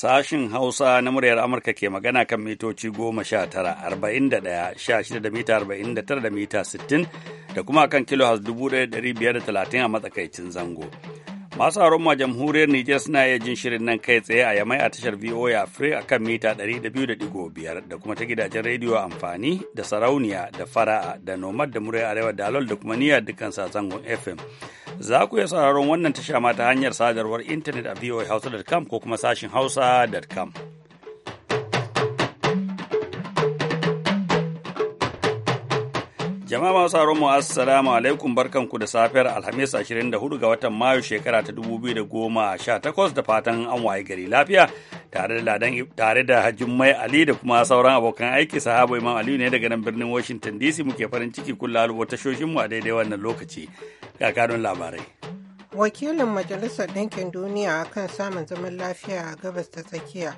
Sashin Hausa na muryar Amurka ke magana kan mitoci goma sha tara, arba'in da ɗaya, sha shida da mita arba'in da tara da mita sittin da kuma kan kilo dubu ɗaya ɗari biyar da talatin a matsakaicin zango. Masu haron ma jamhuriyar Nijar suna iya jin shirin nan kai tsaye a yamai a tashar VOA Africa a kan mita 200.5 da kuma ta gidajen rediyo amfani da sarauniya da fara'a da nomad da murai arewa dalol da kuma niyyar dukkan sasangon FM. Za ku iya sauraron wannan tasha ma ta hanyar sadarwar intanet a voahausa.com ko kuma sashin hausa.com. Jama'a masu sauraron mu assalamu alaikum barkanku da safiyar Alhamis 24 ga watan Mayu shekara ta 2018 da fatan an waye gari lafiya tare da ladan tare da jummai Ali da kuma sauran abokan aiki sahabo Imam Aliyu ne daga nan birnin Washington DC muke farin ciki kullalu ta shoshin mu a daidai wannan lokaci ga kanun labarai. Wakilin Majalisar Ɗinkin Duniya kan samun zaman lafiya a gabas ta tsakiya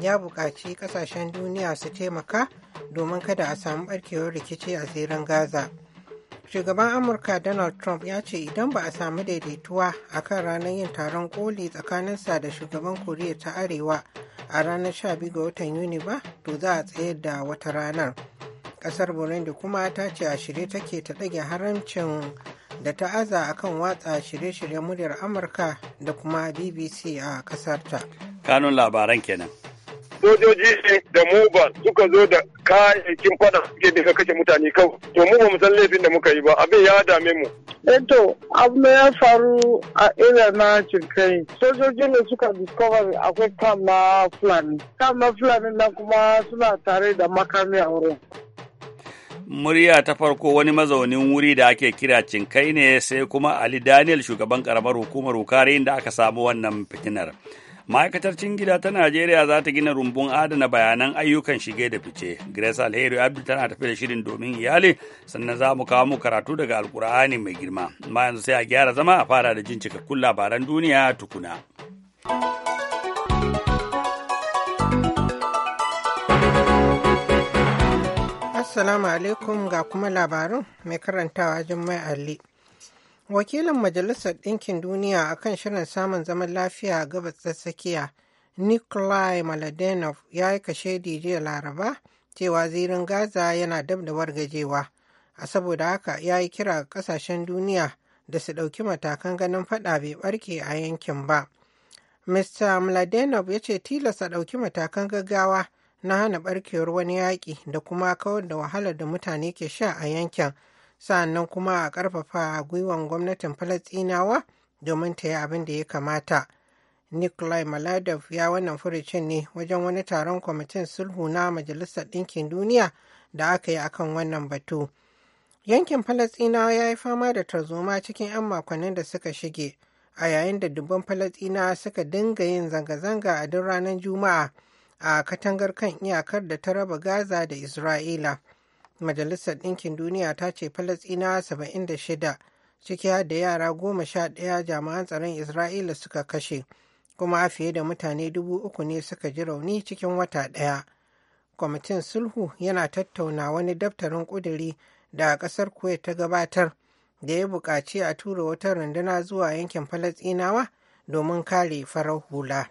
ya buƙaci ƙasashen duniya su taimaka domin kada a samu barkewar rikici a tseren Gaza. Shugaban Amurka Donald Trump ya ce idan ba a samu daidaituwa a kan ranar yin taron koli tsakaninsa da shugaban Koriya ta Arewa a ranar 12 ga watan Yuni ba, to za a tsayar da wata ranar. Kasar Burundi kuma ta ce a shirye take ta ɗage haramcin da ta aza akan watsa shirye-shiryen muryar Amurka da kuma BBC a ƙasarta. Kanun labaran kenan. sojoji ne da ba suka zo da kayayyakin fada suke dinga kashe mutane kawai to mu ba mu san laifin da muka yi ba abin ya dame mu eto eh, abu ya faru a area na cinkai sojoji ne suka discover akwai kam na fulani kam na fulani na kuma suna tare da makami a wurin murya ta farko wani mazaunin wuri da ake kira cinkai ne sai kuma ali daniel shugaban karamar hukumar wukari inda aka samu wannan fitinar ma'aikatar gida ta najeriya za ta gina rumbun adana bayanan ayyukan shige da fice grace alheri abdu tana tafi da shirin domin iyali sannan za mu kawo mu karatu daga alkur'ani mai girma ma yanzu sai a gyara zama a fara da jin cikakkun labaran duniya tukuna assalamu alaikum ga kuma labarin mai karantawa jummai ali wakilin majalisar ɗinkin duniya a kan shirin samun zaman lafiya a gabas ta tsakiya nikolai maladenov ya yi kashe jiya laraba cewa zirin gaza yana dab da wargajewa a saboda haka ya yi kira ga ƙasashen duniya da su ɗauki matakan ganin faɗa bai ɓarke a yankin ba mr maladenov ya ce tilasta ɗauki matakan gaggawa na hana ɓarkewar wani yaƙi da kuma kawar da wahalar da mutane ke sha a yankin sa'annan kuma a ƙarfafa gwiwan gwamnatin Falasɗinawa domin ta yi abin da ya kamata. Nikolai Maladov ya wannan furucin ne wajen wani taron kwamitin sulhu na Majalisar Ɗinkin Duniya da aka yi akan wannan batu. Yankin Falasɗinawa ya yi fama da tarzoma cikin 'yan makonnin da suka shige, a yayin da dubban falastinawa suka dinga yin zanga-zanga a duk ranar Juma'a a katangar kan iyakar da ta raba Gaza da Isra'ila. majalisar ɗinkin duniya ta ce falasɗinawa 76 ciki har da yara goma sha ɗaya jami'an tsaron isra'ila suka kashe kuma fiye da mutane dubu uku ne suka ji rauni cikin wata ɗaya kwamitin sulhu yana tattauna wani daftarin ƙuduri da a ƙasar kuwait ta gabatar da ya buƙaci a tura wata runduna zuwa yankin falasɗinawa domin kare farar hula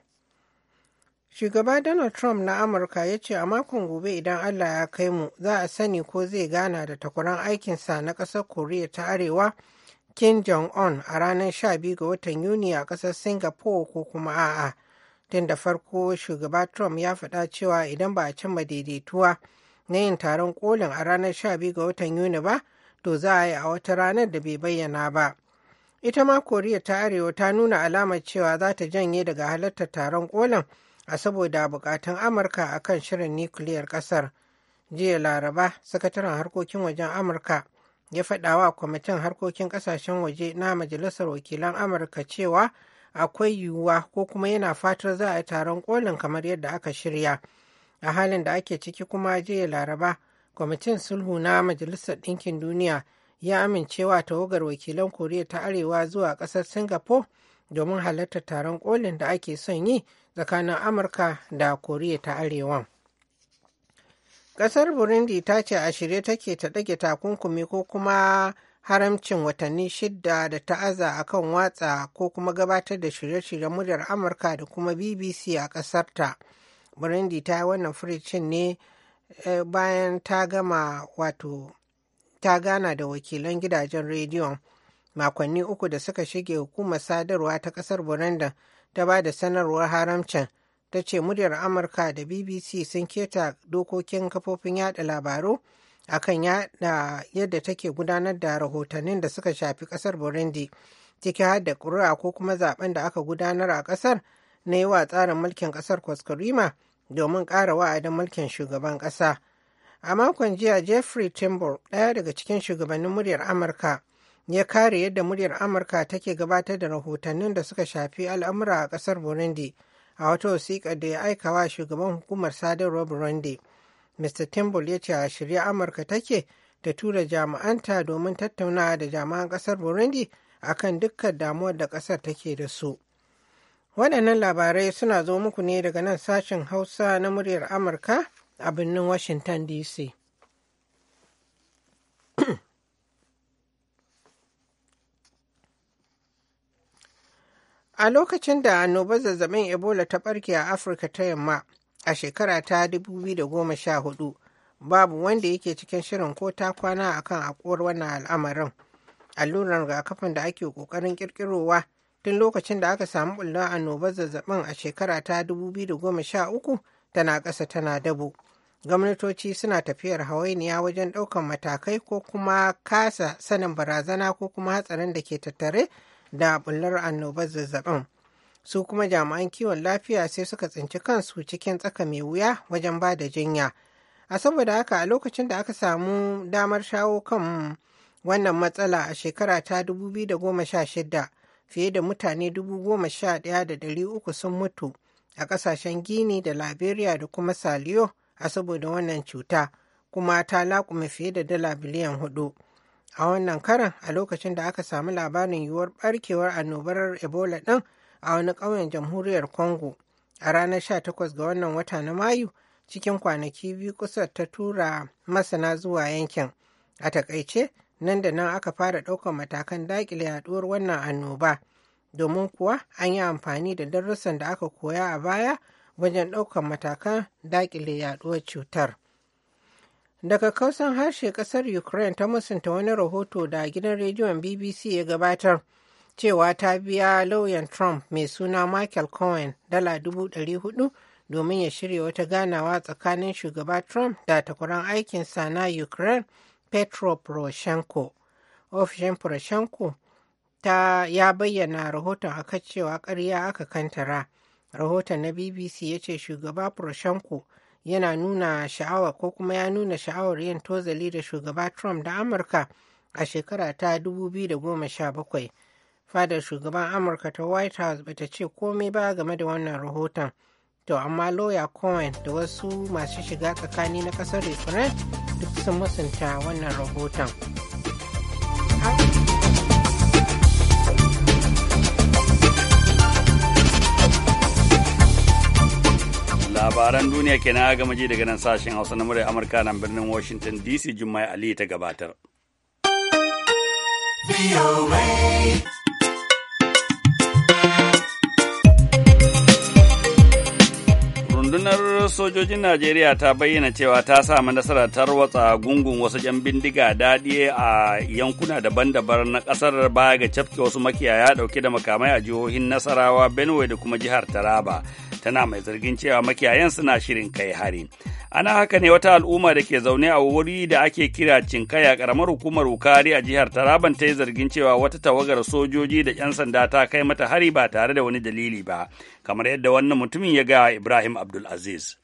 Shugaba Donald Trump na Amurka ya ce a makon gobe idan Allah ya kai mu za a sani ko zai gana da takwaran aikinsa na ƙasar Koriya ta Arewa Kim Jong-un a ranar 12 ga watan Yuni a ƙasar Singapore ko kuma a'a. Tun da farko shugaba Trump ya faɗa cewa idan ba a cimma daidaituwa na yin taron kolin a ranar 12 ga watan Yuni ba, to za a yi a wata ranar da bai bayyana ba. Ita ma Koriya ta Arewa ta nuna alamar cewa za ta janye daga halartar taron kolin. a saboda bukatun amurka akan shirin nukiliyar kasar jiya laraba sakataren harkokin wajen amurka ya faɗa wa kwamitin harkokin kasashen waje na majalisar wakilan amurka cewa akwai yiwuwa ko kuma yana fatar za a yi taron kolin kamar yadda aka shirya a halin da ake ciki kuma jiya laraba kwamitin sulhu na majalisar ɗinkin duniya ya amincewa tawagar wakilan koriya ta arewa zuwa ƙasar singapore domin halartar taron kolin da ake son yi tsakanin amurka da koriya ta arewa kasar burundi ta ce a shirye take ta ɗage takunkumi ko kuma haramcin watanni shidda da ta'aza a kan watsa ko kuma gabatar da shirye-shiryen muryar amurka da kuma bbc a ƙasarta burundi ta yi wannan furicin ne eh, bayan ta gama wato ta gana da wakilan gidajen rediyon makonni uku da suka shige hukumar sadarwa ta kasar burundi ta ba da sanarwar haramcin ta ce muryar amurka da bbc sun keta dokokin kafofin yada labaru akan yada yadda take gudanar da rahotannin da suka shafi kasar burundi ciki har da ƙuri'a ko kuma zaben da aka gudanar a kasar na yi wa tsarin mulkin kasar Kwaskarima domin ƙara wa'adin mulkin shugaban ƙasa a makon jiya jeffrey timbur ɗaya daga cikin shugabannin muryar amurka ya kare yadda muryar amurka take gabatar da rahotannin da suka shafi al'amura a ƙasar burundi a wata wasiƙar da ya aika wa shugaban hukumar sadarwar burundi mr timbul ya ce a shirya amurka take da tura jama'anta domin tattaunawa da jama'an ƙasar burundi A kan dukkan damuwar da ƙasar take da su waɗannan labarai suna zo muku ne daga nan sashen hausa na muryar amurka a birnin washington dc A lokacin da annobar zazzabin Ebola ta ɓarke a Afirka ta yamma a shekara ta 2014 babu wanda yake cikin shirin ko ta kwana akan akuwar wannan al'amarin. Allurar rigakafin da ake ƙoƙarin ƙirƙirowa tun lokacin da aka samu bullon annobar zazzabin a shekara ta 2013 tana ƙasa tana dabo. Gwamnatoci suna tafiyar hawainiya wajen ɗaukan matakai ko kuma kasa sanin barazana ko kuma hatsarin da ke tattare da bullar annobar zazzabin su kuma jami'an kiwon lafiya sai suka tsinci kansu cikin tsaka mai wuya wajen ba da jinya a saboda haka a lokacin da aka samu damar shawo kan wannan matsala a shekara ta 2016 fiye da mutane 11,300 sun mutu a kasashen gini da liberia da kuma saliyo a saboda wannan cuta kuma ta laƙume fiye da dala biliyan hudu. a wannan karan a lokacin da aka samu labarin yiwuwar barkewar annobar ebola ɗin a wani ƙauyen jamhuriyar congo a ranar 18 ga wannan wata na mayu cikin kwanaki biyu kusa ta tura masana zuwa yankin a takaice nan da nan aka fara ɗaukar matakan daƙile yaɗuwar wannan annoba domin kuwa an yi amfani da darussan da aka koya a baya wajen ɗaukar matakan daƙile yaɗuwar cutar Daga kausan harshe kasar Ukraine ta musanta wani rahoto da gidan rediyon BBC ya gabatar cewa ta biya lauyan Trump mai suna Michael Cohen dala dubu ɗari hudu domin ya shirya wata ganawa tsakanin shugaba Trump da takwaran aikinsa na Ukraine Petro Poroshenko. Ofishin Poroshenko ta ya bayyana rahoton aka cewa karya aka kantara. Rahoton na BBC ya ce shugaba Poroshenko yana nuna sha'awa ko kuma ya nuna sha'awar yin tozali da shugaba Trump da Amurka a shekara ta 2017. Fadar shugaban Amurka ta White House bata ce komai ba game da wannan rahoton. To amma Lawyer Cohen da wasu masu shiga tsakani na kasar Ukraine duk sun musanta wannan rahoton. labaran duniya kenan gama je daga nan sashen hausa na murya amurka nan birnin washington dc jummai ali ta gabatar. rundunar sojojin najeriya ta bayyana cewa ta samu nasarar tarwatsa gungun wasu yan bindiga daɗi a yankuna daban-daban na ƙasar baya ga cafke wasu makiyaya ɗauke da makamai a jihohin nasarawa benue da kuma jihar taraba tana mai zargin cewa makiyayan suna shirin kai hari ana haka ne wata al'umma da ke zaune a wuri da ake kira cinkaya karamar hukumar wukari a jihar taraban ta yi zargin cewa wata tawagar sojoji da 'yan sanda ta kai mata hari ba tare da wani dalili ba kamar yadda wannan mutumin ya gaya Ibrahim Abdulaziz.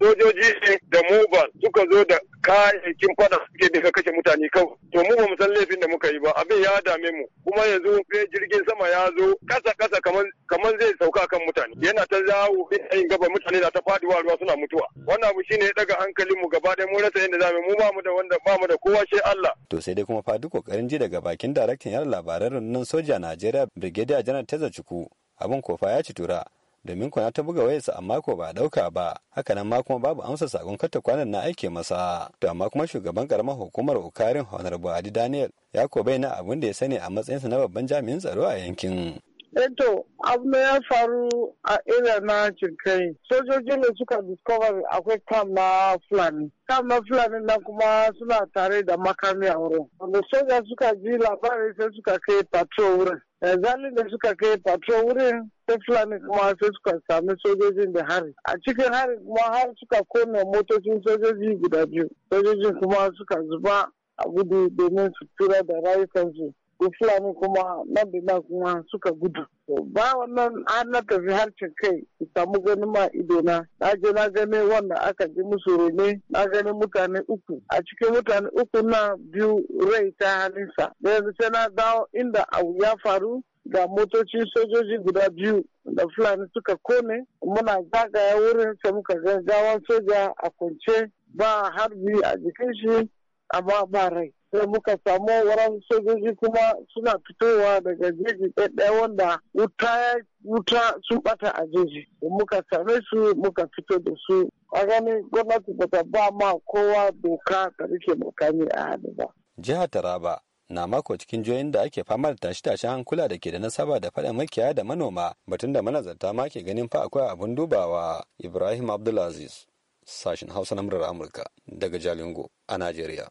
Sojoji da mobile suka zo da kayayyakin fada suke dinga kashe mutane kawai. To mu ba mu san laifin da muka yi ba, abin ya dame mu. Kuma yanzu jirgin sama ya zo kasa kasa kamar zai sauka kan mutane. Yana ta zawo yin gaba mutane na ta faduwa ruwa suna mutuwa. Wannan abu shine ya daga hankalin mu gaba ɗaya mu rasa yadda zamu mu ba mu da wanda ba mu da kowa sai Allah. To sai dai kuma fadi kokarin ji daga bakin daraktan yar labaran nan soja Najeriya Brigadier janar Teza Cuku. Abin kofa ya ci tura domin kwana ta buga wayarsa amma ko ba dauka ba haka nan ma kuma babu amsa sakon kata kwanan na aike masa to amma kuma shugaban karamar hukumar ukarin honorable adi daniel ya ko bayyana abin da ya sani a matsayinsa na babban jami'in tsaro a yankin Eto, eh, abu ya faru a ina na cinkai. Sojojin da suka discover akwai kam na Fulani. Kam na Fulani na kuma suna tare da makami a wurin. Wanda soja suka ji labari sai suka kai patrol wurin. Eh, zalin da suka kai patrol wurin sai Fulani kuma sai suka sami sojojin da hari. A cikin hari kuma har suka kone motocin sojoji guda biyu. Sojojin kuma suka zuba a gudu domin su tura da rayukansu. fulani kuma nan da nan kuma suka gudu ba wannan an na tafi harcin kai samu gani ma idona na je na gani wanda aka ji musu rene na gani mutane uku a cikin mutane uku na biyu rai ta halinsa da yanzu sai na dawo inda abu ya faru ga motocin sojoji guda biyu da fulani suka kone muna zagaya wurin sai muka gaggawan soja a kwance ba harbi a jikin shi amma ba rai sai muka samu wurin sojoji kuma suna fitowa daga jeji ɗaya wanda wuta ya wuta sun bata a jeji muka same su muka fito da su a gani gwamnati ta ba ma kowa doka ta rike makami a hannu ba. jihar taraba na mako cikin joyin da ake fama da tashe-tashen hankula da ke da nasaba da faɗin makiya da manoma batun da manazarta ma ke ganin fa akwai abun dubawa ibrahim abdulaziz sashen hausa na murar amurka daga jalingo a najeriya.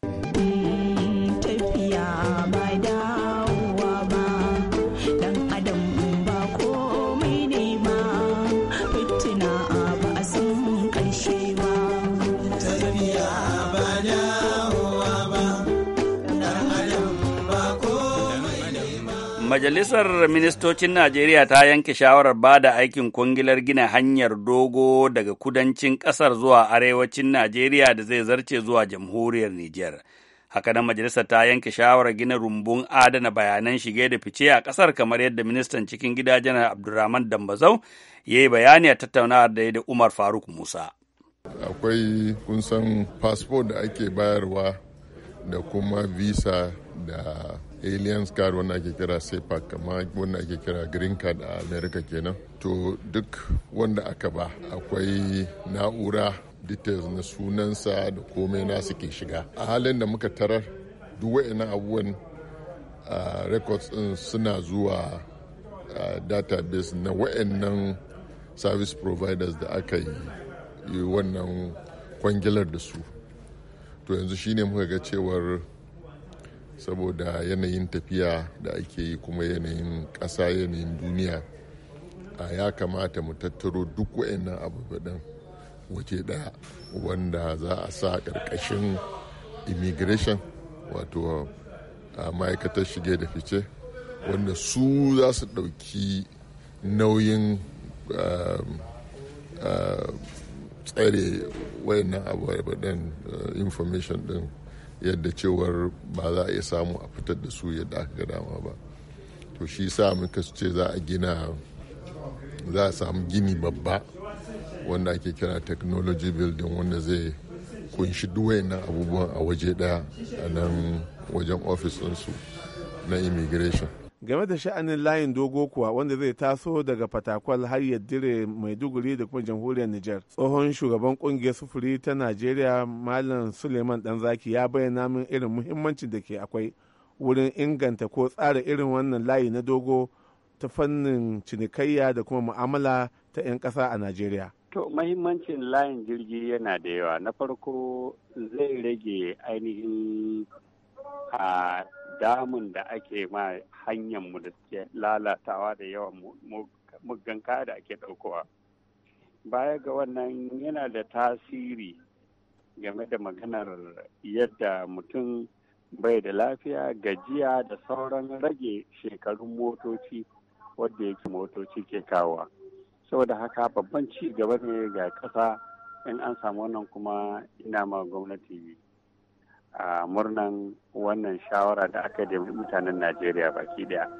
Majalisar Ministocin Najeriya ta yanke shawarar ba da aikin kwangilar gina hanyar dogo daga kudancin ƙasar zuwa arewacin Najeriya da zai zarce zuwa jamhuriyar Nijar. haka nan majalisar ta yanke shawarar gina rumbun adana bayanan shige da fice a kasar kamar yadda ministan cikin gida janar abdulrahman dambazau ya yi bayani a tattaunawar da ya da umar faruk musa akwai kun san fasfo da ake bayarwa da kuma visa da aliens card wanda ake kira sepa kama wanda ake kira green card a america kenan to duk wanda aka ba akwai na'ura details na sunansa da komai na suke shiga a halin da muka tarar duk wa'ina abubuwan records din suna zuwa database na wa'annan service providers da aka yi wannan kwangilar da su to yanzu shine muka ga cewar saboda yanayin tafiya da ake yi kuma yanayin ƙasa yanayin duniya a ya kamata mu tattaro duk wa'annan abu waje daya wanda za a sa ƙarƙashin immigration wato ma'aikatar shige da fice wanda su za su ɗauki nauyin tsare wayannan abubuwan information din yadda cewar ba za a iya samu a fitar da su yadda aka ga dama ba to shi sa muka ce za a gina za a samu gini babba wanda ake kira technology building wanda zai kunshi na abubuwan a waje daya a nan wajen ofis na immigration game da sha'anin layin dogo kuwa wanda zai taso daga fatakwal har yaddire mai maiduguri da kuma jamhuriyar niger tsohon shugaban kungiyar sufuri ta nigeria malam suleiman danzaki ya bayyana min irin muhimmancin da ke akwai wurin inganta ko tsara irin wannan layi na dogo ta fannin cinikayya da kuma mu'amala ta 'yan ƙasa a nigeria. To mahimmancin layin jirgi yana da yawa na farko zai rage ainihin a damun da ake ma mu da suke lalatawa da yawan muggan kaya da ake ɗaukowa. Baya ga wannan yana da tasiri game da maganar yadda mutum bai da lafiya gajiya da sauran rage shekarun motoci wadda yake motoci ke kawowa. saboda haka babban ci gaba ne ga ƙasa in an samu wannan kuma ina ma gwamnati a murnan wannan shawara da aka da mutanen najeriya baki daya.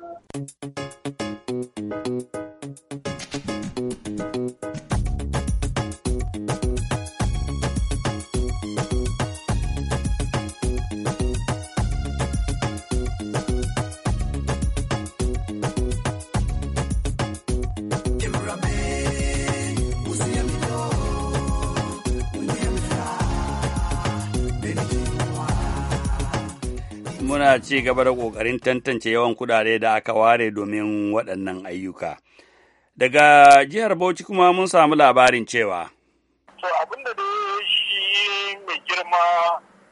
Ana ci gaba da ƙoƙarin tantance yawan kuɗaɗe da aka ware domin waɗannan ayyuka. Daga jihar Bauchi kuma mun samu labarin cewa. To abin da shi mai girma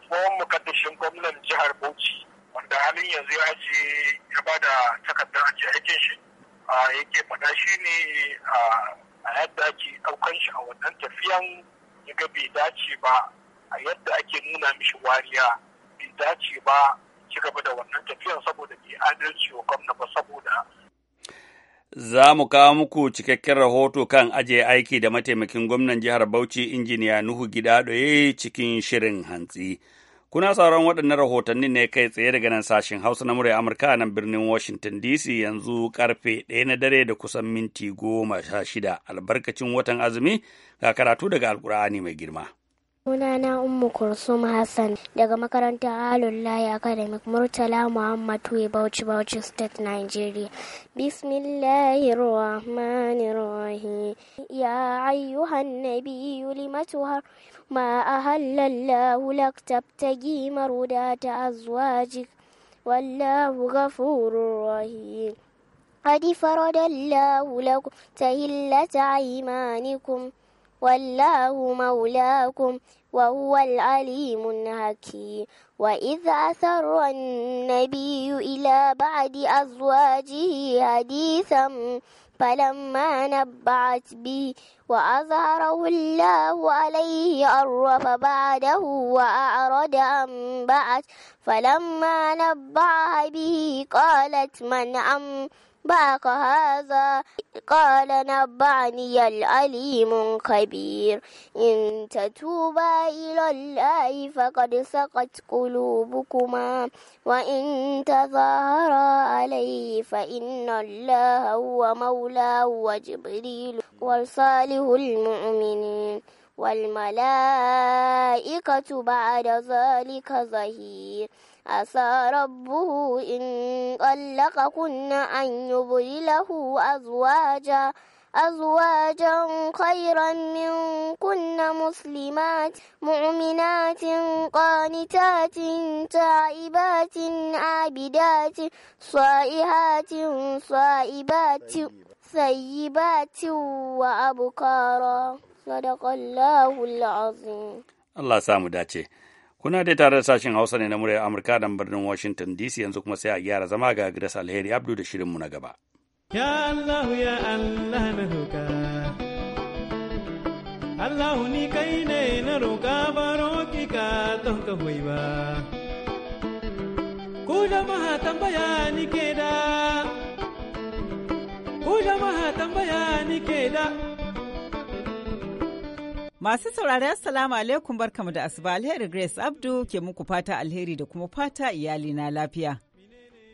tsohon mukaddashin gwamnan jihar Bauchi wanda halin yanzu ya ce ya ba da takardar aji aikin shi yake faɗa shi ne a yadda ake ɗaukan shi a wannan tafiyan ya ga bai dace ba a yadda ake nuna mishi wariya bai dace ba ci gaba da wannan tafiyar saboda bai adalci wa gwamna ba saboda Za mu kawo muku cikakken rahoto kan ajiye aiki da mataimakin gwamnan jihar Bauchi injiniya Nuhu gida Gidadoye cikin shirin hantsi. Kuna sauran waɗannan rahotanni ne kai tsaye daga nan sashen Hausa na murya Amurka nan birnin Washington DC yanzu karfe ɗaya na dare da kusan minti goma sha shida albarkacin watan azumi ga karatu daga Alƙur'ani mai girma. Sunana Ummu Kursum Hassan daga makarantar Alullahi Academic Murtala Muhammad Wey Bauchi Bauchi State Nigeria. Bismillahirrahmanirrahim. Ya ayyuhan nabiyyu lima ma ahallallahu lak tabtagi marudata azwajik wallahu ghafurur rahim. قد فرض الله لكم تهلة أيمانكم والله مولاكم وهو العليم الحكيم وإذ أسر النبي إلى بعد أزواجه حديثا فلما نبعت به وأظهره الله عليه أرف بعده وأعرض عن بعد فلما نبعها به قالت من أم باق هذا قال نبعني العليم الخبير إن تتوبا إلى الله فقد سقت قلوبكما وإن تظاهرا عليه فإن الله هو مولاه وجبريل وصالح المؤمنين والملائكة بعد ذلك ظهير عسى ربه إن طلقكن أن يبدله أزواجا أزواجا خيرا منكن مسلمات مؤمنات قانتات تائبات عابدات صائحات صائبات ثيبات وأبكارا صدق الله العظيم الله سامو داتي Kuna da tare da sashen Hausa ne na muryar Amurka dan birnin Washington DC yanzu kuma sai a gyara zama ga Grace Alheri Abdu da shirinmu na gaba. Ya Allah ya Allah na roƙa. Allah ni kai ne na roƙa baro ki ka don ka hoyi ba. Ku jama'a tambaya ni ke da. Ku jama'a tambaya ni ke da. Masu saurari Assalamu alaikum barkamu da asuba alheri Grace Abdu ke muku fata alheri da kuma fata iyali na lafiya.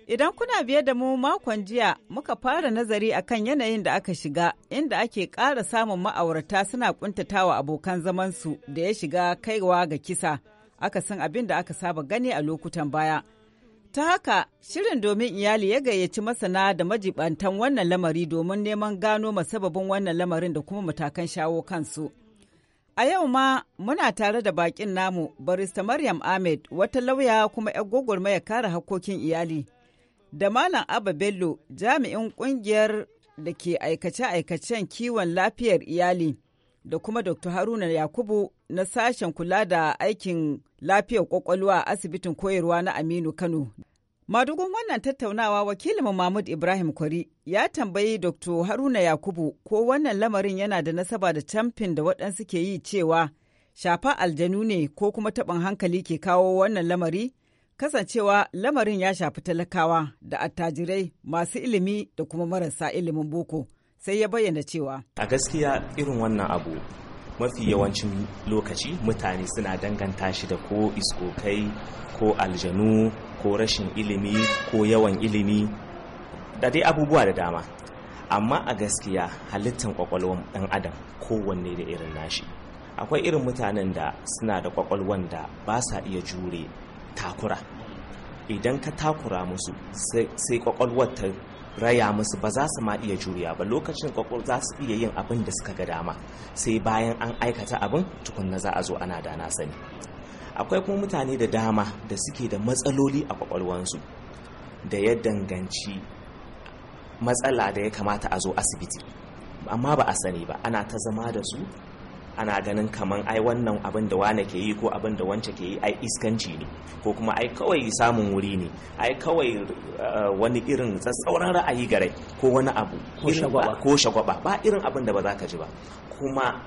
Idan kuna biye da mu makon jiya muka fara nazari akan yanayin da aka shiga inda ake ƙara samun ma'aurata suna kuntatawa abokan zamansu da ya shiga kaiwa ga kisa aka san abin da aka saba gani a lokutan baya. Ta haka shirin domin iyali ya gayyaci masana da majibantan wannan lamari domin neman gano masababin wannan lamarin da kuma matakan shawo kansu. A yau ma muna tare da bakin namu barista Maryam Ahmed wata lauya kuma 'yar gwagwarmaya kare hakkokin iyali. Da Malam Abba Bello jami'in ƙungiyar da ke aikace-aikacen kiwon lafiyar iyali da kuma Dr. Haruna Yakubu na sashen kula da aikin lafiyar kwakwalwa a asibitin koyarwa na Aminu Kano. Madugun wannan tattaunawa Wakilin Mahmud Ibrahim Kwari ya tambayi Dr. Haruna Yakubu ko wannan lamarin yana da nasaba da camfin da waɗansu ke yi cewa shafa aljanu ne ko kuma taɓin hankali ke kawo wannan lamari? Kasancewa lamarin ya shafi talakawa da attajirai masu ilimi da kuma marasa ilimin boko sai ya bayyana cewa. A gaskiya irin wannan abu mafi yawancin lokaci mutane suna danganta shi da ko iskokai ko aljanu ko rashin ilimi ko yawan ilimi da dai abubuwa da dama amma a gaskiya halittar kwakwalwan ɗan adam kowanne da irin nashi akwai irin mutanen da suna da kwakwalwan da ba sa iya jure takura idan ka takura musu sai kwakwalwar ta raya musu ba za su ma iya juriya ba lokacin kwakwal za su iya yin abin da suka ga dama sai bayan an aikata abin tukunna za a zo ana da na sani akwai kuma mutane da dama da suke da matsaloli a kwakwalwansu da ya danganci matsala da ya kamata a zo asibiti amma ba a sani ba ana ta zama da su ana ganin kaman ai wannan abin da wane ke yi ko abin da wance ke yi ai iskanci ne ko kuma ai kawai samun wuri ne ai kawai eh, wani irin tsatsauran ra'ayi gare ko wani abu ko shagwaba ba irin abin da ba za ka ji ba kuma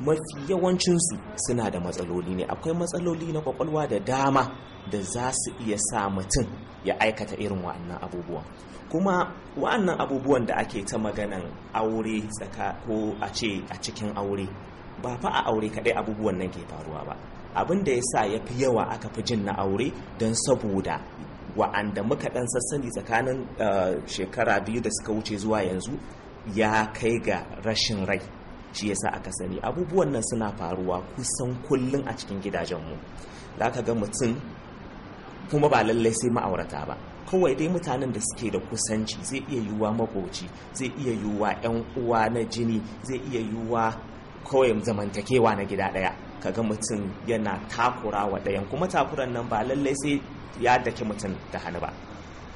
mafi yawancinsu suna da matsaloli ne akwai matsaloli na kwakwalwa da dama da za su iya sa mutum ya aikata irin wa'annan abubuwan kuma wa'annan abubuwan da ake ta maganan aure tsaka ko a ce a cikin aure ba fa a aure kaɗai abubuwan nan ke faruwa ba abin da ya sa ya fi yawa aka fi jin na aure don saboda wa'anda muka ɗan sassani tsakanin eh, shekara biyu da suka wuce zuwa yanzu ya kai ga rashin rai shi ya sa aka sani abubuwan nan suna faruwa kusan kullum a cikin gidajenmu za ka ga mutum kuma ba lallai sai ma'aurata ba kawai dai mutanen da suke da kusanci zai iya yiwuwa makoci zai iya yiwuwa 'yan uwa na jini zai iya yiwuwa kawai zamantakewa na gida ɗaya kaga mutum yana takura wa ɗayan kuma takuran nan ba lallai sai ya dake mutum da hannu ba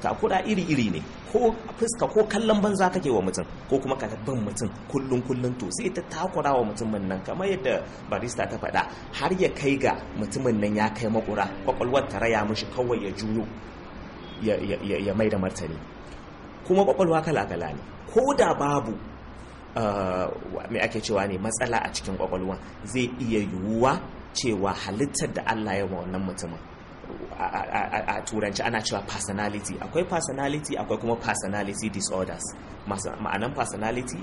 takura iri-iri ne ko fuska ko kallon banza kake wa mutum ko kuma ka bin mutum kullum kullum to sai ta takura wa mutumin nan kamar yadda barista ta faɗa har ya kai ga mutumin nan ya kai makura kwakwalwar ta raya mushi kawai ya juyo ya mai da martani kuma kwakwalwa kala-kala ne ko da babu me ake cewa ne matsala a cikin kwakwalwa zai iya yiwuwa cewa halittar da Allah ya wannan mutumin a turanci ana cewa personality akwai personality akwai kuma personality disorders ma'anan personality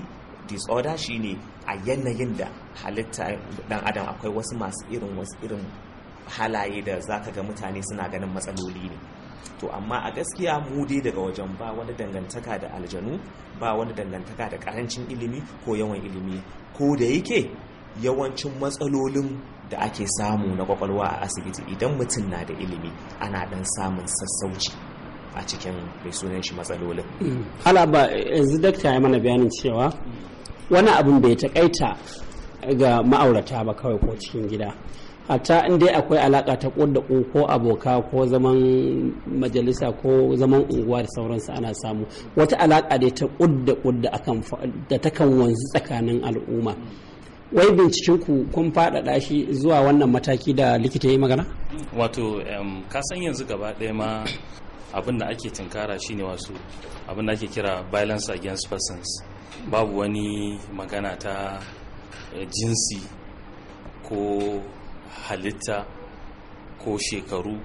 disorder shine a yanayin da halitta dan adam akwai wasu masu irin irin halaye da zaka ga mutane suna ganin matsaloli ne to amma a gaskiya mu dai daga wajen ba wani dangantaka da aljanu ba wani dangantaka da karancin ilimi ko yawan ilimi ko da yake yawancin matsalolin da ake samu na kwakwalwa a asibiti idan mutum na da ilimi ana dan samun sassauci a cikin mai sunan shi matsalolin. Mm. alaba yanzu dakta ya mana bayanin cewa wani abin bai takaita ga ma'aurata ba kawai ko cikin gida hatta in dai akwai alaka ta da ko aboka ko zaman majalisa ko zaman unguwa da sauransu ana samu wata alaka dai ta da kudda da ta kan wanzu tsakanin al'umma wai binciken ku kun faɗaɗa shi zuwa wannan mataki da likita ya yi magana wato ka san yanzu gaba ɗaya ma abin da ake tunkara shine wasu abin da ake kira violence against persons babu wani magana ta jinsi ko halitta ko shekaru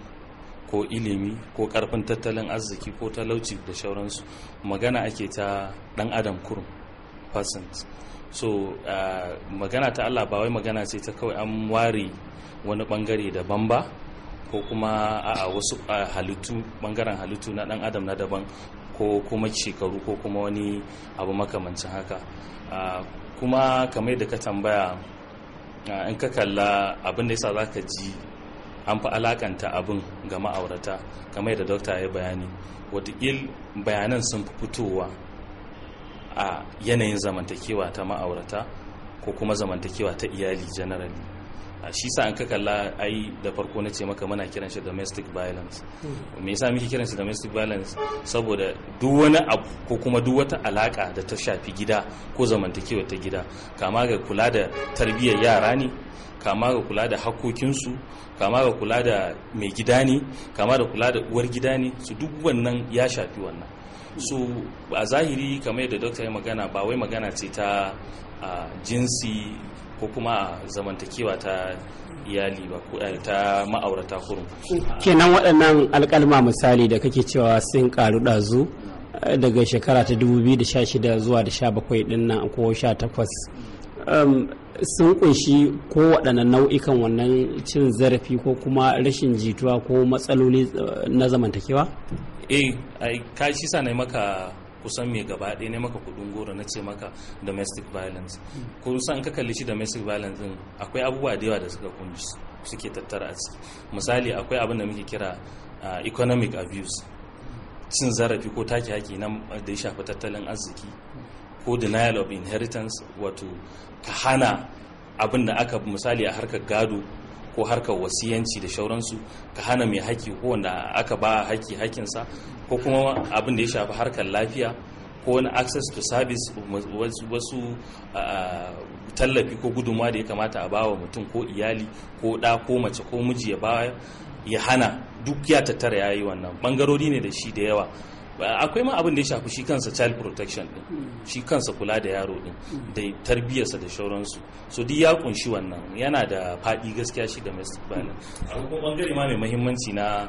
ko ilimi ko karfin tattalin arziki ko talauci da shauransu magana ake ta dan adam kurum percent so uh, magana ta allah ba wai magana ce ta kawai an ware wani bangare daban ba ko kuma a wasu halittu bangaren halittu na dan adam na daban ko kuma shekaru ko kuma wani abu makamancin haka uh, kuma kamar da ka tambaya Ah, in ka kalla abin da yasa za ka ji an fi alakanta abin ga ma'aurata kamar yadda dokta ya bayani wataƙil bayanan sun fi fitowa a yanayin zamantakewa ta ma'aurata ko kuma zamantakewa ta iyali generally a shi sa an ka kalla ai da farko na ce maka muna kiran shi domestic violence hmm. me yasa muke kiran shi domestic violence saboda duk wani abu ko kuma duk wata alaka da ta shafi gida ko zamantakewa ta gida kama ga kula da tarbiyyar yara ne kama ga kula da hakokinsu kama ga kula da mai gida ne kama da kula da uwar gida ne su duk wannan ya shafi wannan so a zahiri kamar yadda dokta ya magana ba wai magana ce ta jinsi ko kuma zamantakewa ta iyali ba ko eh, ta ma'aurata kurum kenan waɗannan alƙalma misali da kake cewa sun karu ɗazu eh, daga shekara ta 2016 zuwa da 17 din nan ko 18 um, sun kunshi ko waɗannan nau'ikan wannan cin zarafi ko kuma rashin jituwa ko matsaloli eh, na zamantakewa? eh ai ka shi sa maka kusan mai gaba ɗaya ne maka kudin goro na ce maka domestic violence kusan ka kalli shi domestic violence din akwai abubuwa da yawa da suka kunshi suke tattara a ciki misali akwai abin da muke kira economic abuse cin zarafi ko take haƙi na da ya shafi tattalin arziki ko denial of inheritance wato ka hana abin da aka misali a harkar gado ko harkar wasiyanci da shauransu ka hana mai haƙƙi ko wanda aka ba haƙƙi hakinsa ko kuma abin da ya shafi harkar lafiya ko wani access to service wasu tallafi ko gudunmawa da ya kamata a bawa mutum ko iyali ko ɗa ko mace ko miji ya ya hana duk ya tattara ya yi wannan bangarori ne da shi da yawa akwai ma abin da ya shafi shi kansa child protection din shi kansa kula da yaro din da tarbiyarsa da shauransu so duk ya kunshi wannan yana da faɗi gaskiya shi domestic violence akwai bangare ma mai muhimmanci na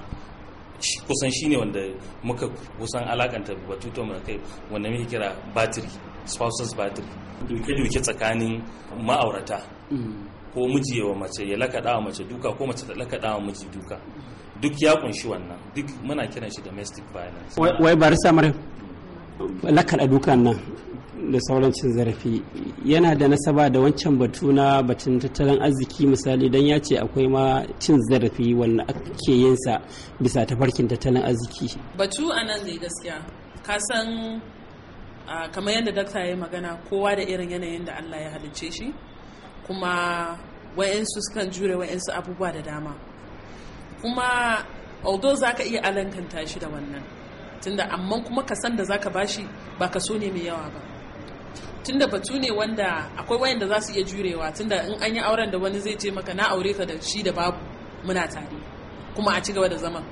kusan shi ne wanda muka kusan alakanta batuto mai kai wanda muke kira battery spouses battery duke-duke tsakanin ma'aurata mm. ko miji mace ya lakaɗa mace duka ko mace ta lakaɗa wa miji duka duk ya kunshi wannan duk muna kiran shi domestic violence wai bari samar a dukan nan da sauran cin zarafi yana da nasaba da wancan batu na batun tattalin arziki misali don ya ce akwai ma cin zarafi wanda ake yin sa bisa tafarkin tattalin arziki batu a nan ne gaskiya ka san kamar yadda dakta ya magana kowa da irin yanayin da allah ya halicce shi kuma wa'insu sukan jure wa'insu abubuwa da dama kuma aldo za ka iya alankanta shi da wannan tunda amma kuma kasan da za ka bashi ba ka so ne mai yawa ba tunda batu ne wanda akwai wayanda za su iya jurewa tunda in an yi auren da wani zai ce maka na aure ka da shi da babu muna tare kuma a ci gaba da zaman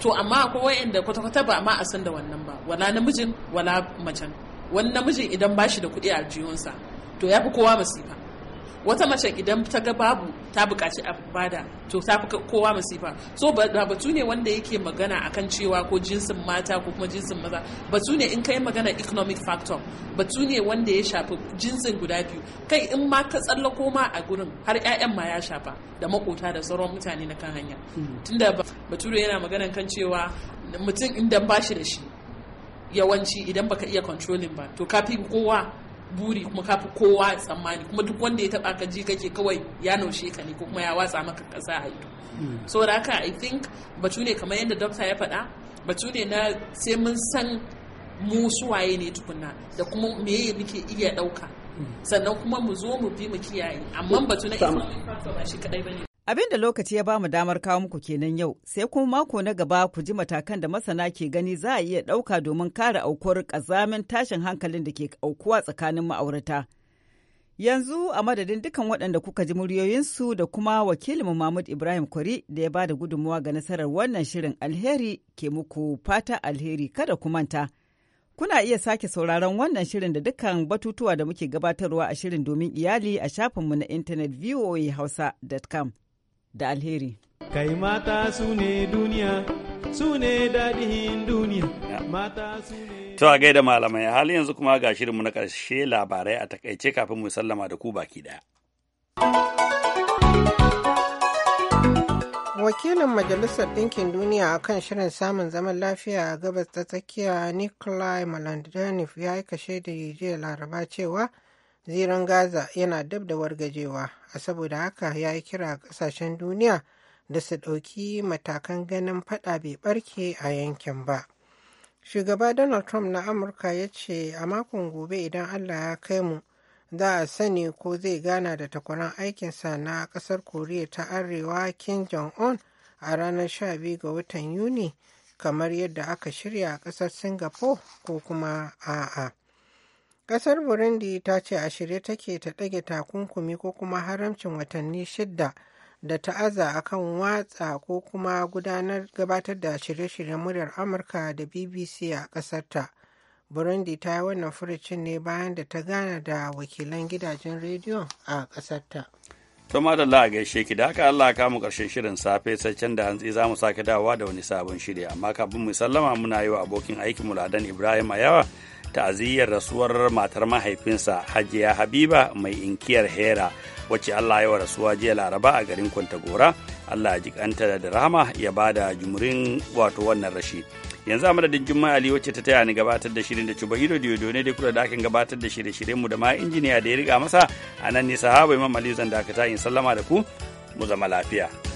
to amma akwai wayanda kwata-kwata ba ma a san da wannan ba wala namijin wala macen wani namijin idan bashi da kuɗi a jiyonsa to ya fi kowa masifa wata mace idan ta ga babu ta bukaci a bada to ta fi kowa masifa so ba batu ne wanda yake magana a kan cewa ko jinsin mata ko kuma jinsin maza batu ne in kai magana economic factor batu ne wanda ya shafi jinsin guda biyu kai in ma ka tsallako ma a gurin har 'ya'yan ma ya shafa da makota da sauran mutane na kan hanya hmm. tunda bature yana magana kan cewa mutum inda ba shi da shi yawanci idan baka iya controlling ba to ka fi kowa buri kuma kafi kowa tsammani kuma duk wanda ya taba ka ji kake kawai ya naushe ka ne ko kuma ya watsa maka kasa a ido hmm. da haka i think batu ne kamar yadda dokta ya faɗa batu ne na sai mun san mu suwaye ne tukuna da kuma me ya muke iya ɗauka hmm. sannan kuma mu zo mu bi mu kiyaye amma batu na ita ba shi kadai bane Abin da lokaci ya bamu damar kawo muku kenan yau, sai kuma mako na gaba ku ji matakan da masana ke gani za a iya ɗauka domin kare aukuwar ƙazamin tashin hankalin da ke aukuwa tsakanin ma'aurata. Yanzu a madadin dukan waɗanda kuka ji muryoyinsu da kuma Wakilin Mahmud Ibrahim Kwari da ya ba da gudunmawa ga nasarar wannan shirin alheri ke muku fata alheri kada ku manta. Kuna iya sake sauraron wannan shirin da dukkan batutuwa da muke gabatarwa a shirin domin iyali a shafinmu na intanet voahausa.com. da alheri. Kai mata su ne duniya, su ne daɗin duniya, mata su ne... To a gaida malamai, hali yanzu kuma ga shirinmu na ƙarshe labarai a takaice kafin mu sallama da ku baki ɗaya. Wakilin Majalisar Ɗinkin Duniya a kan shirin samun zaman lafiya a gabas ta tsakiya Nikolai Malandanif ya aika shaida jiya laraba cewa ziran gaza yana dab da wargajewa a saboda haka ya yi kira kasashen duniya da su ɗauki matakan ganin fada bai barke a yankin ba shugaba donald trump na amurka ya ce a makon gobe idan allah ya kai mu za a sani ko zai gana da takwaran aikinsa na kasar koriya ta arewa kim jong-un a ranar 12 ga watan yuni kamar yadda aka shirya a kasar singapore ko kuma a'a. kasar Burundi ta ce a shirye take ta ɗage takunkumi ko kuma haramcin watanni shidda da ta'aza akan watsa ko kuma gudanar gabatar da shirye-shiryen muryar Amurka da BBC a ƙasarta. Burundi ta yi wannan furucin ne bayan da ta gana da wakilan gidajen rediyo a ƙasarta. To madalla a gaishe ki da haka Allah kamu karshen shirin safe sai can da hantsi za mu sake dawowa da wani sabon shirya amma kafin mu sallama muna yi wa abokin aikin mu Ladan Ibrahim Ayawa ta'aziyyar rasuwar matar mahaifinsa hajiya habiba mai inkiyar hera wacce allah ya wa rasuwa jiya laraba a garin kwantagora allah ji kanta da rahama ya ba da jumurin wato wannan rashi yanzu a madadin juma ali wacce ta taya ni gabatar da shirin da cuba ido yodo ne dai kula da gabatar da shirye-shiryen mu da ma injiniya da ya riga masa a nan ne sahaba imam aliyu zan dakata in sallama da ku mu zama lafiya